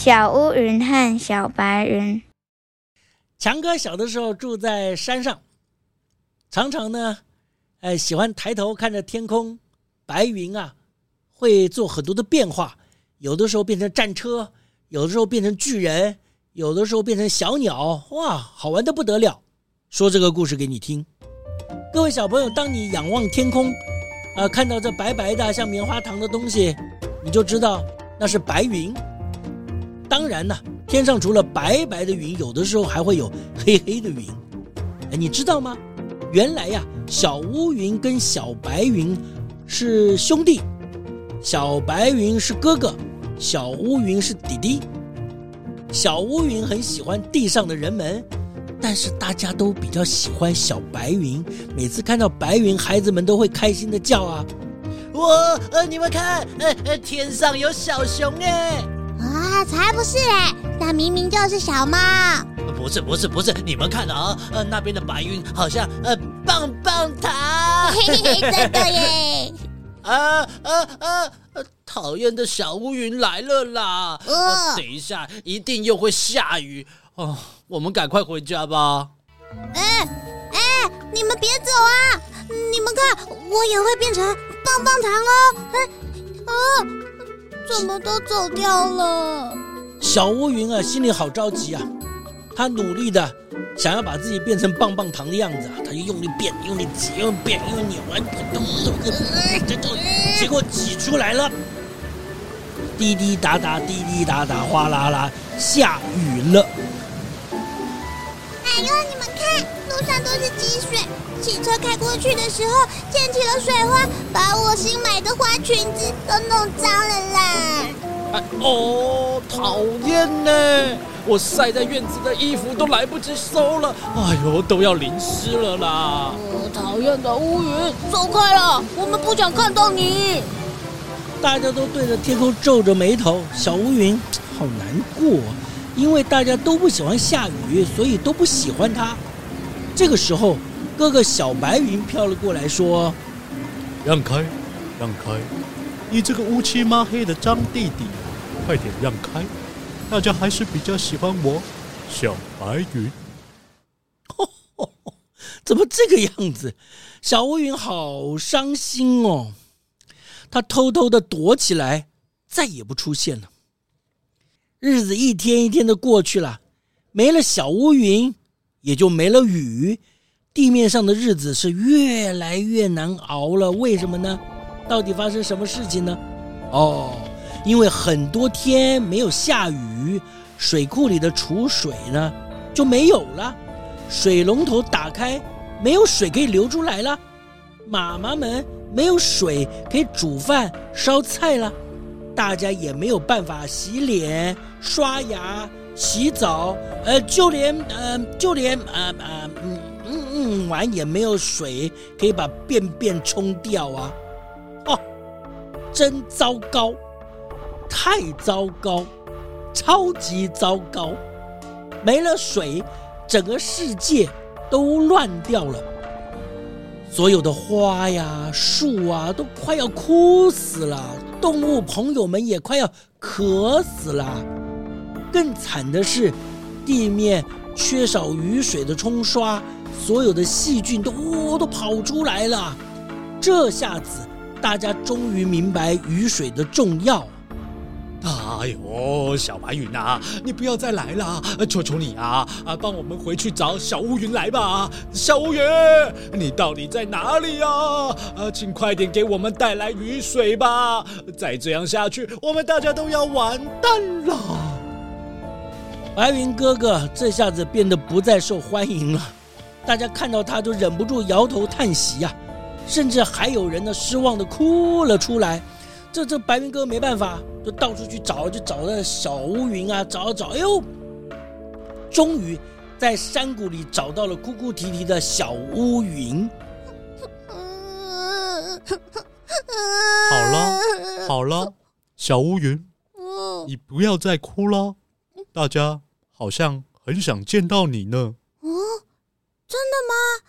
小烏雲和小白雲。強哥小的時候住在山上，常常呢，哎，喜歡抬頭看着天空，白雲啊，會做很多的變化，有的時候變成戰車，有的時候變成巨人，有的時候變成小鳥，哇，好玩得不得了。說這個故事給你聽，各位小朋友，當你仰望天空，啊、呃，看到這白白的像棉花糖的東西，你就知道那是白雲。當然呢，啊，天上除了白白的雲，有的時候還會有黑黑的雲。誒，你知道嗎？原來呀，小烏雲跟小白雲是兄弟，小白雲是哥哥，小烏雲是弟弟。小烏雲很喜歡地上的人們，但是大家都比較喜歡小白雲。每次看到白雲，孩子們都會開心的叫啊：“哇，呃，你們看，呃，天上有小熊誒！”那才不是嘞、欸，那明明就是小貓。不是不是不是，你們看啊、哦呃，那邊的白雲好像呃棒棒糖。真的嘿嘿、這個、耶。啊啊啊！討厭的小烏雲來了啦！呃哦、等一下，一定又會下雨哦，我們趕快回家吧。哎哎、呃呃，你們別走啊！你們看，我也會變成棒棒糖哦。哦、呃。呃怎麼都走掉了？小烏雲啊，心裡好着急啊！他努力的想要把自己變成棒棒糖的樣子，啊，他就用力變，用力擠，用力變，又扭，變，咚！呃呃呃，結果擠出來了，滴滴答答，滴滴答答，嘩啦啦，下雨了！哎呦，你們看！路上都是積水，汽車開過去的時候濺起了水花，把我新買的花裙子都弄髒了啦！哎、哦，討厭呢！我曬在院子的衣服都來不及收了，哎呦，都要淋濕了啦！哦、討厭的烏雲，走開了！我們不想看到你。大家都對着天空皺着眉頭，小烏雲好難過，因為大家都不喜歡下雨，所以都不喜歡它。這個時候，哥哥小白雲飄了過來，說：“讓開，讓開！你這個烏漆抹黑的髒弟弟，快點讓開！大家還是比較喜歡我，小白雲。呵呵”怎麼這個樣子？小烏雲好傷心哦！他偷偷的躲起來，再也不出現了。日子一天一天的過去了，沒了小烏雲。也就沒了雨，地面上的日子是越來越難熬了。為什麼呢？到底發生什麼事情呢？哦，因為很多天沒有下雨，水庫裡的儲水呢就沒有了，水龍頭打開沒有水可以流出來了，媽媽們沒有水可以煮飯燒菜了，大家也沒有辦法洗臉刷牙。洗澡，呃，就連，呃，就連，呃，呃，嗯嗯嗯，碗、嗯、也沒有水可以把便便沖掉啊，哦，真糟糕，太糟糕，超級糟糕，沒了水，整個世界都亂掉了，所有的花呀、樹啊都快要枯死了，動物朋友們也快要渴死了。更慘的是，地面缺少雨水的沖刷，所有的細菌都都跑出來了。這下子，大家終於明白雨水的重要。哎呦，小白雲吶、啊，你不要再來了，求求你啊啊，幫我們回去找小烏雲來吧。小烏雲，你到底在哪裡啊？啊，請快點給我們帶來雨水吧！再這樣下去，我們大家都要完蛋了。白雲哥哥這下子變得不再受歡迎了，大家看到他都忍不住搖頭嘆息呀、啊，甚至還有人呢失望的哭了出來。這這白雲哥沒辦法，就到處去找，就找那小烏雲啊，找啊找，哎呦，終於在山谷裡找到了哭哭啼啼、啼的小烏雲，嗯嗯嗯好。好了好了，小烏雲，你不要再哭了，大家。好像很想見到你呢。哦，真的嗎？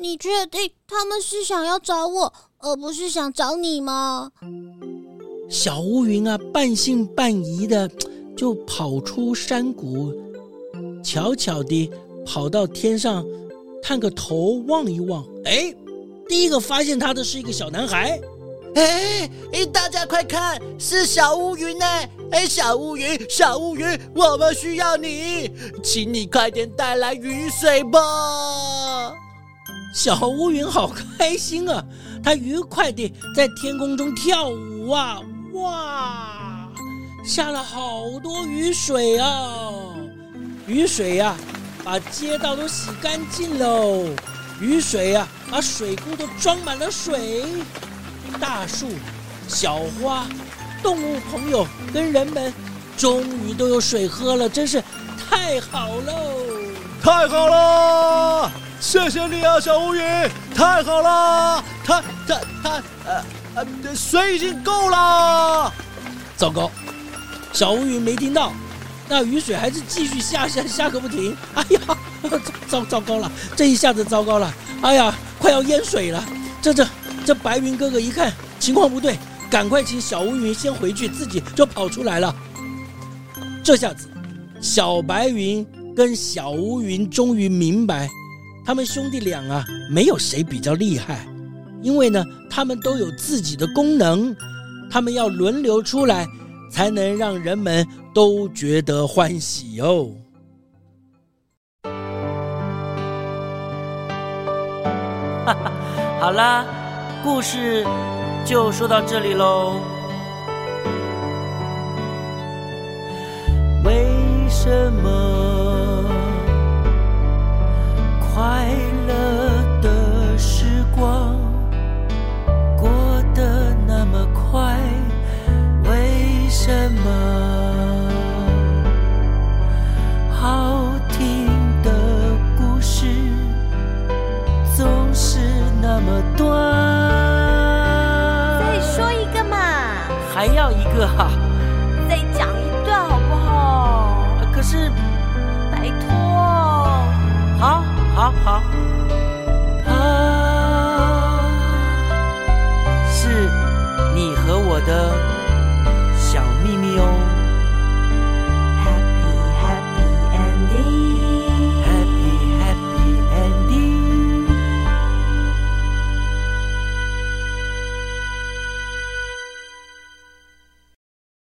你確定他們是想要找我，而不是想找你嗎？小烏雲啊，半信半疑的就跑出山谷，悄悄的跑到天上探個頭望一望。哎，第一個發現他的是一個小男孩。哎，大家快看，是小烏雲哎！哎，小烏雲，小烏雲，我們需要你，請你快點帶來雨水吧！小烏雲好開心啊，它愉快地在天空中跳舞啊！哇，下了好多雨水啊，哦！雨水呀，啊，把街道都洗乾淨嘍！雨水呀，啊，把水庫都裝滿了水。大樹、小花、動物朋友跟人們，終於都有水喝了，真是太好了！太好了！謝謝你啊，小烏雲！太好了！他他他，呃呃，水已經夠了。糟糕，小烏雲沒聽到，那雨水還是繼續下下下個不停。哎呀，糟糟糕了！這一下子糟糕了！哎呀，快要淹水了！這這。這白雲哥哥一看情況不對，趕快請小烏雲先回去，自己就跑出來了。這下子，小白雲跟小烏雲終於明白，他們兄弟倆啊，沒有誰比較厲害，因為呢，他們都有自己的功能，他們要輪流出來，才能讓人們都覺得歡喜喲、哦。 好啦。故事就說到這裡嘍。為什麼快樂的時光？哈哈，再講一段好不好？可是，拜托，好，好，好。